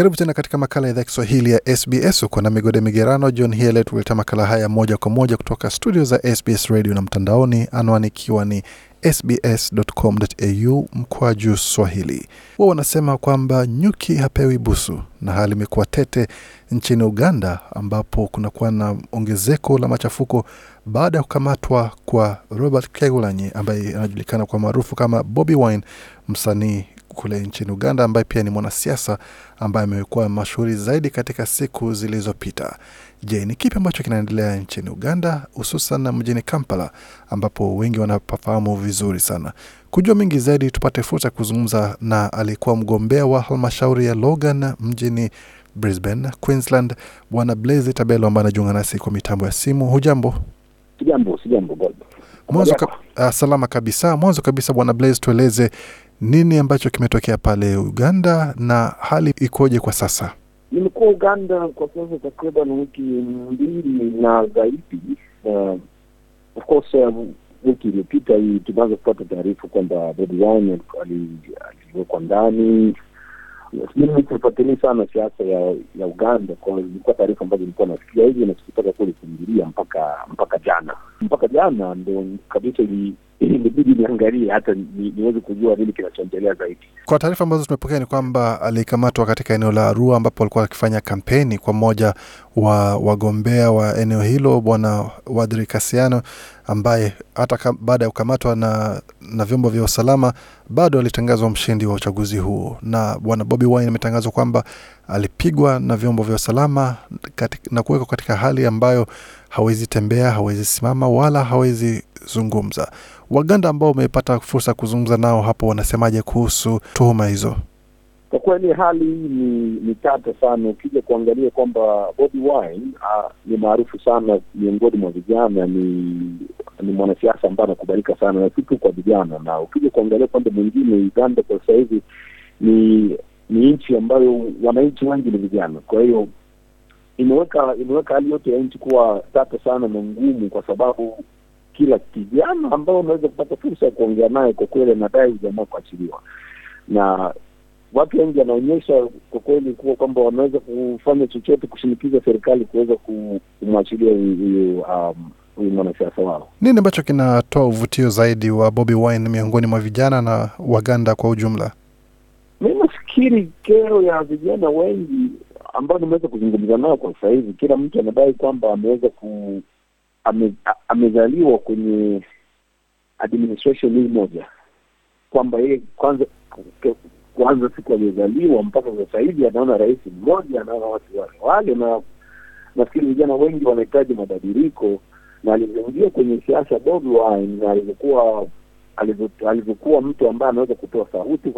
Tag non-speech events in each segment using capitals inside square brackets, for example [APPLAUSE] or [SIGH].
Karibu tena katika makala ya idhaa Kiswahili ya SBS. Uko na Migode Migerano. John Hielet huleta makala haya moja kwa moja kutoka studio za SBS radio na mtandaoni, anwani ikiwa ni sbs.com.au mkwaju swahili. Huwa wanasema kwamba nyuki hapewi busu, na hali imekuwa tete nchini Uganda ambapo kunakuwa na ongezeko la machafuko baada ya kukamatwa kwa Robert Kegulanyi ambaye anajulikana kwa maarufu kama Bobi Wine, msanii kule nchini Uganda, ambaye pia ni mwanasiasa ambaye amekuwa mashuhuri zaidi katika siku zilizopita. Je, ni kipi ambacho kinaendelea nchini Uganda, hususan mjini Kampala, ambapo wengi wanapafahamu vizuri sana? Kujua mengi zaidi, tupate fursa ya kuzungumza na aliyekuwa mgombea wa halmashauri ya Logan mjini Brisbane, Queensland, Bwana Blaze Tabelo ambaye anajiunga nasi kwa mitambo ya simu. Hujambo? Sijambo, sijambo. Mwanzo ka, uh, ah, salama kabisa. Mwanzo kabisa, Bwana Blaze, tueleze nini ambacho kimetokea pale Uganda na hali ikoje kwa sasa? Nimekuwa Uganda kwa sasa takriban wiki mbili na zaidi. Uh, of course uh, wiki iliyopita hii tumeanza kupata taarifa kwamba Bobi Wine aliwekwa ndani. Mimi sifuatilii sana siasa ya, ya Uganda, kwa ilikuwa taarifa ambazo nilikuwa nasikia hivi na sikutaka kule kuingilia mpaka mpaka jana mpaka jana ndo kabisa ili ilibidi niangalie hata niweze kujua nini kinachoendelea zaidi. Kwa taarifa ambazo tumepokea ni kwamba alikamatwa katika eneo la Arua ambapo alikuwa akifanya kampeni kwa mmoja wa wagombea wa eneo hilo, Bwana Wadri Kasiano, ambaye hata baada ya kukamatwa na, na vyombo vya usalama bado alitangazwa mshindi wa uchaguzi huo. Na Bwana Bobi Wine ametangazwa kwamba alipigwa na vyombo vya usalama katika, na kuwekwa katika hali ambayo hawezi tembea, hawezi simama wala hawezi zungumza. Waganda ambao wamepata fursa kuzungumza nao hapo wanasemaje kuhusu tuhuma hizo? Kwa kweli hali ni ni tata sana. Ukija kuangalia kwamba Bobi Wine ah, ni maarufu sana miongoni mwa vijana, ni ni mwanasiasa ambaye anakubalika sana na si tu kwa vijana, na ukija kuangalia upande mwingine, Uganda kwa sasa hivi ni ni nchi ambayo wananchi wengi ni vijana, kwa hiyo imeweka imeweka hali yote ya nchi kuwa tata sana na ngumu, kwa sababu kila kijana ambao unaweza kupata fursa ya kuongea naye kwa kweli anadai ujamaa kuachiliwa, na watu wengi wanaonyesha kwa kweli kuwa kwamba wanaweza kufanya chochote kushinikiza serikali kuweza kumwachilia huyu um, huyu mwanasiasa wao. Nini ambacho kinatoa uvutio zaidi wa Bobi Wine miongoni mwa vijana na Waganda kwa ujumla? Mi nafikiri kero ya vijana wengi ambao nimeweza kuzungumza nao kwa sasa hivi, kila mtu anadai kwamba ameweza ku ame, amezaliwa kwenye administration hii moja, kwamba yeye kwanza kwanza siku aliyozaliwa mpaka sasa hivi anaona rais mmoja, anaona watu wale wale, na nafikiri vijana wengi wanahitaji mabadiliko, na alivyoingia kwenye siasa Bobi Wine alivyokuwa alivyokuwa mtu ambaye anaweza kutoa sauti,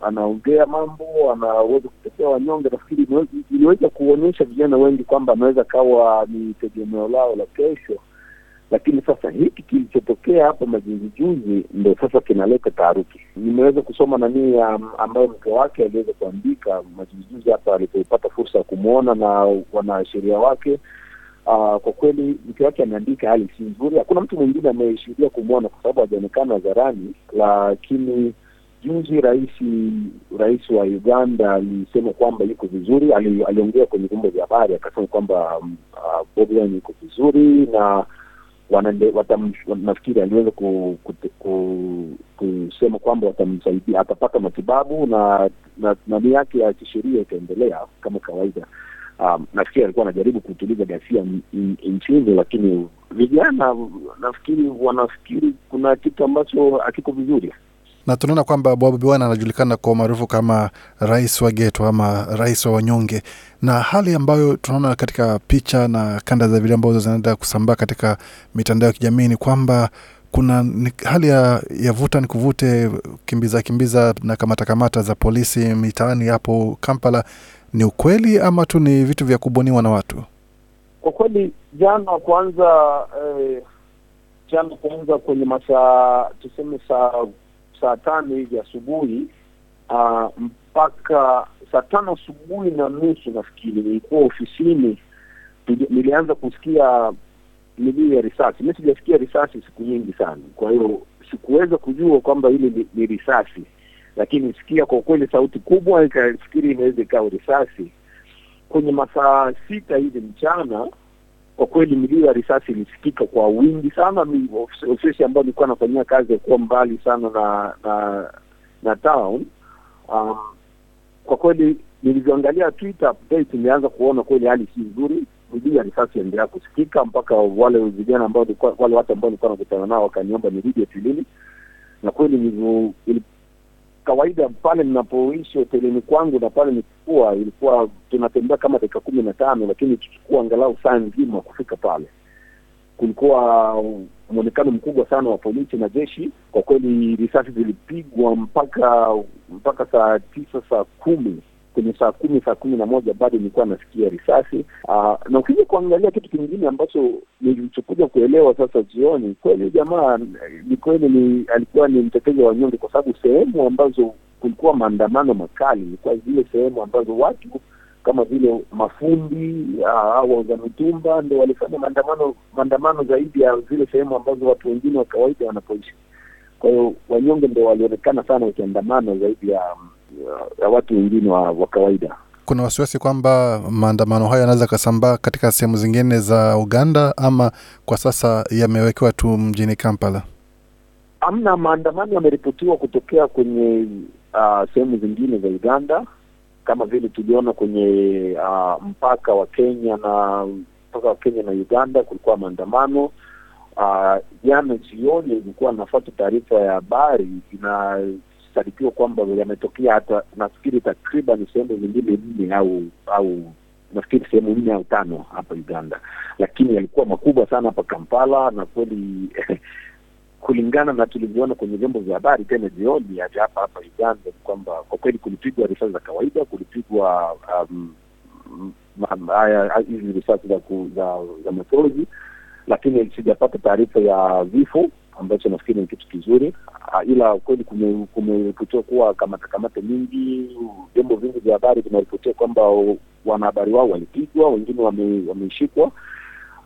anaongea mambo, anaweza kutetea wanyonge. Nafikiri iliweza kuonyesha vijana wengi kwamba anaweza kawa ni tegemeo lao la kesho. Lakini sasa hiki kilichotokea hapa majuzijuzi ndo sasa kinaleta taharuki. Nimeweza kusoma nanii um, ambayo mke wake aliweza kuandika majuzijuzi hapa alipoipata fursa ya kumwona na wanasheria wake Uh, kwa kweli mke wake ameandika hali si nzuri. Hakuna mtu mwingine ameshuhudia kumwona kwa sababu hajaonekana hadharani, lakini juzi rais rais wa Uganda alisema kwamba yuko vizuri. aliongea kwenye vyombo vya habari akasema kwamba uh, Bobi Wine yuko vizuri na nafikiri aliweza kusema kwamba watamsaidia, atapata matibabu na nani na yake ya kisheria itaendelea kama kawaida um, nafikiri alikuwa anajaribu kutuliza gasia nchini, lakini vijana nafikiri wanafikiri kuna kitu ambacho hakiko vizuri na tunaona kwamba Bobi anajulikana kwa umaarufu kama rais wa geto ama rais wa wanyonge, na hali ambayo tunaona katika picha na kanda za video ambazo zinaenda kusambaa katika mitandao ya kijamii ni kwamba kuna ni, hali ya, ya vuta ni kuvute, kimbiza kimbiza na kamatakamata kamata za polisi mitaani hapo Kampala, ni ukweli ama tu ni vitu vya kubuniwa na watu? Kwa kweli jana kwanza, eh, jana kwanza kwenye masaa tuseme saa saa tano hivi asubuhi uh, mpaka saa tano asubuhi na nusu nafikiri nilikuwa ofisini, nilianza kusikia milio ya risasi. Mi sijasikia risasi siku nyingi sana, kwa hiyo sikuweza kujua kwamba hili ni, ni risasi lakini sikia kwa kweli sauti kubwa, ikafikiri inaweza ikawa risasi. Kwenye masaa sita hivi mchana, kwa kweli milio ya risasi ilisikika kwa wingi sana. Ofisi ambayo ilikuwa nafanyia kazi ya kuwa mbali sana na na na town. Um, kwa kweli nilivyoangalia Twitter update nilianza kuona kweli hali si nzuri, milio ya risasi endelea kusikika mpaka wale vijana ambao wale watu ambao nilikuwa nakutana nao wakaniomba nirudi atilini na kweli kawaida pale ninapoishi hotelini kwangu na pale nikikua, ilikuwa tunatembea kama dakika kumi na tano, lakini tuchukua angalau saa nzima kufika pale. Kulikuwa mwonekano mkubwa sana wa polisi na jeshi. Kwa kweli risasi zilipigwa mpaka mpaka saa tisa saa kumi kwenye saa kumi saa kumi na moja bado nilikuwa nasikia risasi aa. Ah, na ukija kuangalia kitu kingine ambacho nilichokuja kuelewa sasa jioni, kweli jamaa ni kweli ni alikuwa ni mtetezi wa wanyonge, kwa sababu sehemu ambazo kulikuwa maandamano makali ilikuwa zile sehemu ambazo watu kama vile mafundi ah, wauza mitumba ndo walifanya maandamano maandamano zaidi ya zile sehemu ambazo watu wengine wa kawaida wanapoishi. Kwa hiyo wanyonge ndo walionekana sana wakiandamana zaidi ya um, ya watu wengine wa, wa kawaida. Kuna wasiwasi kwamba maandamano hayo yanaweza kasambaa katika sehemu zingine za Uganda, ama kwa sasa yamewekewa tu mjini Kampala? Amna, maandamano yameripotiwa kutokea kwenye uh, sehemu zingine za Uganda kama vile tuliona kwenye uh, mpaka wa Kenya na mpaka wa Kenya na Uganda kulikuwa maandamano ah, jana uh, jioni. Ilikuwa nafuata taarifa ya habari yanasadikiwa kwamba yametokea hata nafikiri takriban sehemu zingine nne au au nafikiri sehemu nne au tano hapa Uganda, lakini yalikuwa makubwa sana hapa Kampala na kweli eh, kulingana na tulivyoona kwenye vyombo vya habari tena jioni hata hapa hapa Uganda ni kwamba kwa kweli kulipigwa risasi za kawaida, kulipigwa um, hizi um, risasi za, za, za machozi, lakini sijapata taarifa ya vifo ambacho nafikiri ni kitu kizuri, ah, ila kweli kumeripotiwa kuwa kamatakamata nyingi. Vyombo vingi vya habari vinaripotia kwamba wanahabari wao walipigwa, wengine wameshikwa.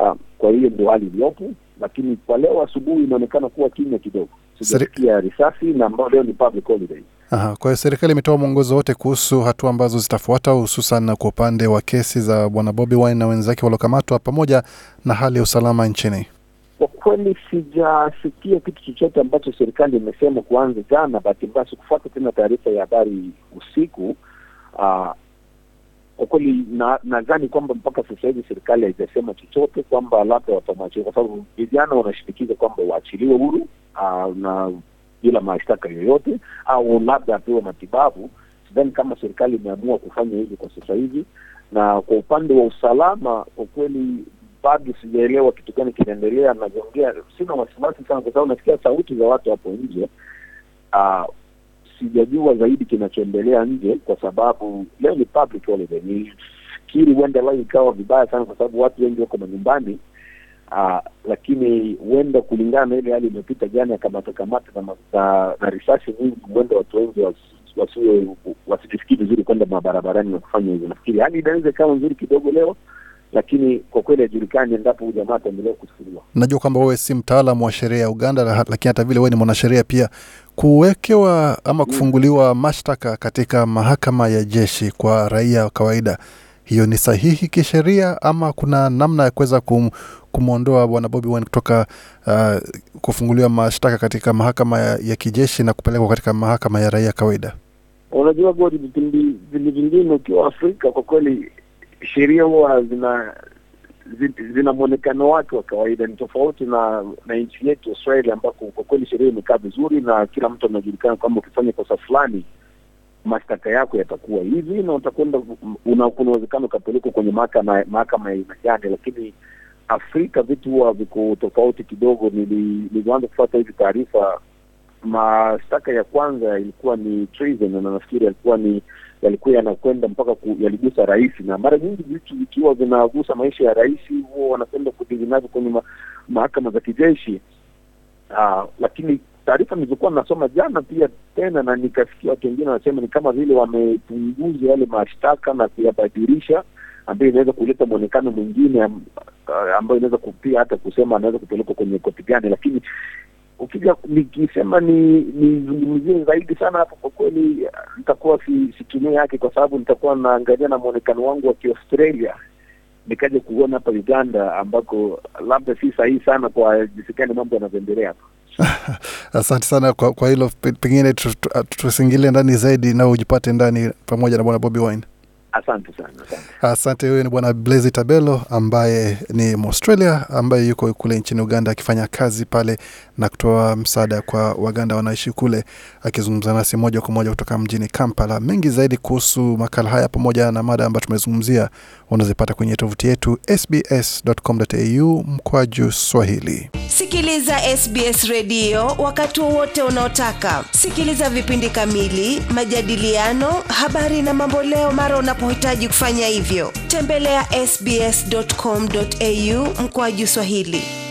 Ah, kwa hiyo ndio hali iliyopo, lakini kwa leo asubuhi inaonekana kuwa kimya kidogo, sijasikia risasi na ambao leo ni public holiday. Aha, kwa hiyo serikali imetoa mwongozo wote kuhusu hatua ambazo zitafuata hususan kwa upande wa kesi za bwana Bobi Wine na wenzake waliokamatwa pamoja na hali ya usalama nchini. Kwa kweli sijasikia kitu chochote ambacho serikali imesema kuanza jana. bahatimbaya sikufuata tena taarifa ya habari usiku. Uh, kwa kweli nadhani na kwamba mpaka sasa hivi serikali haijasema chochote kwamba labda watamwachia, kwa sababu vijana wanashinikiza kwamba waachiliwe huru uh, na bila mashtaka yoyote au labda apewe matibabu. Sidhani kama serikali imeamua kufanya hivi kwa sasa hivi. Na kwa upande wa usalama, kwa kweli bado sijaelewa kitu gani kinaendelea. Naongea sina wasiwasi sana, kwa sababu nasikia sauti za watu hapo nje. Uh, sijajua zaidi kinachoendelea nje, kwa sababu leo ni public holiday. huenda lai ikawa vibaya sana, kwa sababu watu wengi wako manyumbani. Uh, lakini huenda kulingana na ile hali imepita jana ya kamata kamata na, na, na risasi nyingi, huenda watu wengi wasijifikii vizuri kwenda mabarabarani na kufanya hivyo. Nafikiri hali inaweza ikawa nzuri kidogo leo lakini kwa kweli haijulikani endapo jamaa ataendelea kuchukuliwa. Najua kwamba wewe si mtaalamu wa sheria ya Uganda, lakini hata vile wewe ni mwanasheria pia. Kuwekewa ama mm. kufunguliwa mashtaka katika mahakama ya jeshi kwa raia wa kawaida, hiyo ni sahihi kisheria, ama kuna namna ya kuweza kum, kumwondoa bwana Bobi Wine kutoka uh, kufunguliwa mashtaka katika mahakama ya, ya kijeshi na kupelekwa katika mahakama ya raia kawaida? Unajua, Godi, vipindi vingine ukiwa Afrika kwa kweli sheria huwa zina zina mwonekano wake wa kawaida, ni tofauti na na nchi yetu Australia, ambako kwa kweli sheria imekaa vizuri na kila mtu anajulikana kwamba ukifanya kosa fulani mashtaka yako yatakuwa hivi na utakwenda, una kuna uwezekano ukapelekwa kwenye mahakama mahakama ya aina gani. Lakini Afrika vitu huwa viko tofauti kidogo. Nili, nilianza kufuata hizi taarifa mashtaka ya kwanza ilikuwa ni treason, na nafikiri yalikuwa ni yalikuwa yanakwenda mpaka yaligusa rahisi na mara nyingi vitu vikiwa vinagusa maisha ya rahisi huo wanapenda kudinavyo kwenye ma, mahakama za kijeshi uh, lakini taarifa nilizokuwa nasoma jana pia tena na nikasikia watu wengine wanasema ni kama vile wamepunguza yale mashtaka na kuyabadilisha, ambayo inaweza kuleta mwonekano mwingine ah, ambayo inaweza pia hata kusema anaweza kupelekwa kwenye koti gani, lakini ukija nikisema nizungumzie ni zaidi sana hapo, kwa kweli nitakuwa situmii yake, kwa sababu nitakuwa naangalia na mwonekano wangu wa Kiaustralia nikaja kuona hapa Uganda ambako labda si sahihi sana kwa jinsi mambo yanavyoendelea hapa. [LAUGHS] Asante sana kwa, kwa hilo. Pengine tusingilie ndani zaidi na ujipate ndani pamoja na Bwana Bobi Wine. Asante sana, asante. Asante. ni bwana blezi Tabelo ambaye ni Mwaustralia ambaye yuko kule nchini Uganda akifanya kazi pale na kutoa msaada kwa Waganda wanaishi kule, akizungumza nasi moja kwa moja kutoka mjini Kampala. Mengi zaidi kuhusu makala haya pamoja na mada ambayo tumezungumzia unazipata kwenye tovuti yetu sbs.com.au mkwaju Swahili. Sikiliza SBS redio wakati wowote unaotaka. Sikiliza vipindi kamili, majadiliano, habari na mamboleo mara unapo unapohitaji kufanya hivyo tembelea sbs.com.au mkoaju swahili